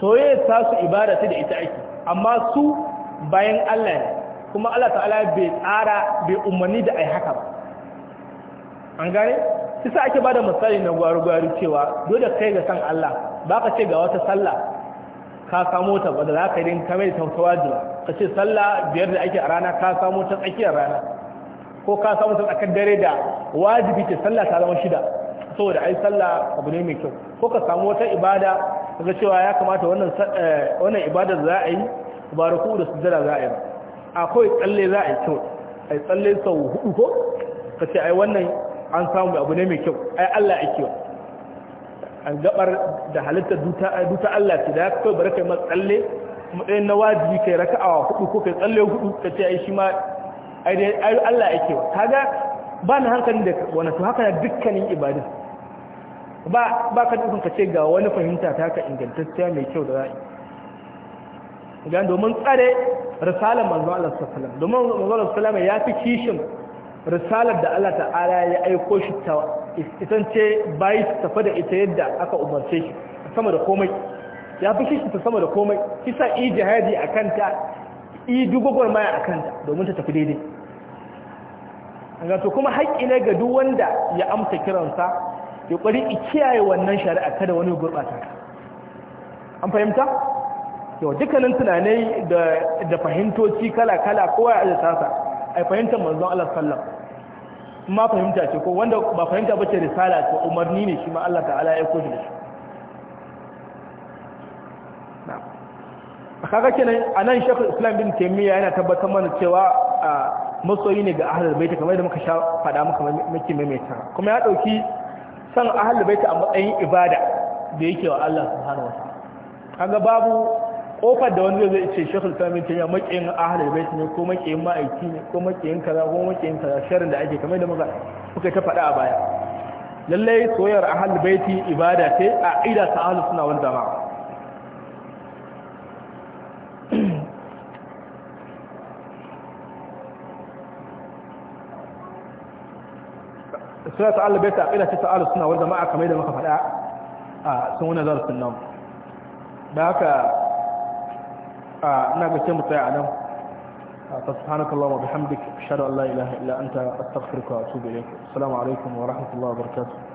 soyayya ta su ibada ta da ita ake amma su bayan Allah ne kuma Allah ta'ala bai tsara bai umarni da ai haka ba an gane kisa ake bada misali na gwari-gwari cewa dole kai ga san Allah ba ka ce ga wata sallah ka samu ta ba da za ka yi kamar ta wajiba ka ce sallah biyar da ake a rana ka samu ta tsakiyar rana ko ka samu ta akan dare da wajibi ke sallah ta zama shida saboda ai sallah abu ne mai kyau ko ka samu wata ibada kaga cewa ya kamata wannan eh, wannan ibada za a yi ba ruku da sujjada za a yi akwai tsalle za a yi kyau ai tsalle sau hudu ko ka ce ai wannan an samu abu ne mai kyau ai Allah ya kiwa an gabar da halitta duta duta Allah ce da kai barkai ma tsalle mu na wajibi kai raka'a hudu ko kai tsalle hudu ka ce ai shi ma Aidai Allah yake wa kaga ba na hankali da wani to haka dukkanin ibadin ba ba ka dukkan ka ce ga wani fahimta ta ka ingantacciya mai kyau da za'i ga domin tsare risalar manzo Allah sallallahu alaihi wasallam domin manzo Allah sallallahu alaihi wasallam ya fi kishin risalar da Allah ta'ala ya aiko shi ta isance bai tafi da ita yadda aka umarce shi sama da komai ya fi kishin ta sama da komai kisa ijihadi a ta. idu maya a kanta domin ta tafi daidai to kuma haƙƙi ne ga duk wanda ya amsa kiransa ya ƙwari kiyaye wannan shari'a kada wani gurɓata an fahimta yau dukkanin tunanai da fahimtoci kala-kala kowa ya sasa a yi fahimtar manzon Allah sallam ma fahimta ce ko wanda ba fahimta ba ce risala ce umarni ne shi ma Allah ta'ala ya koshi da shi kaga kenan anan shekul islam bin taimiyya yana tabbatar mana cewa masoyi ne ga ahlul baiti kamar da muka sha fada muka muke maimaita kuma ya dauki san ahlul baiti a matsayin ibada da yake wa Allah subhanahu wataala kaga babu kofar da wani zai ce shekul islam bin taimiyya makiyin ahlul baiti ne ko makiyin ma'aiki ne ko makiyin kaza ko makiyin kaza sharin da ake kamar da muka muka ta fada a baya lallai soyayyar ahlul baiti ibada ce a aida ta ahlus sunna wal jamaa suna ta Allah bai ta ƙila ce ta Allah suna wanda ma'a kamar da muka faɗa a sun wani zarafin nan da haka ina ga ce mu tsaya a nan فسبحانك اللهم وبحمدك اشهد ان لا اله الا انت استغفرك واتوب اليك السلام عليكم ورحمه الله وبركاته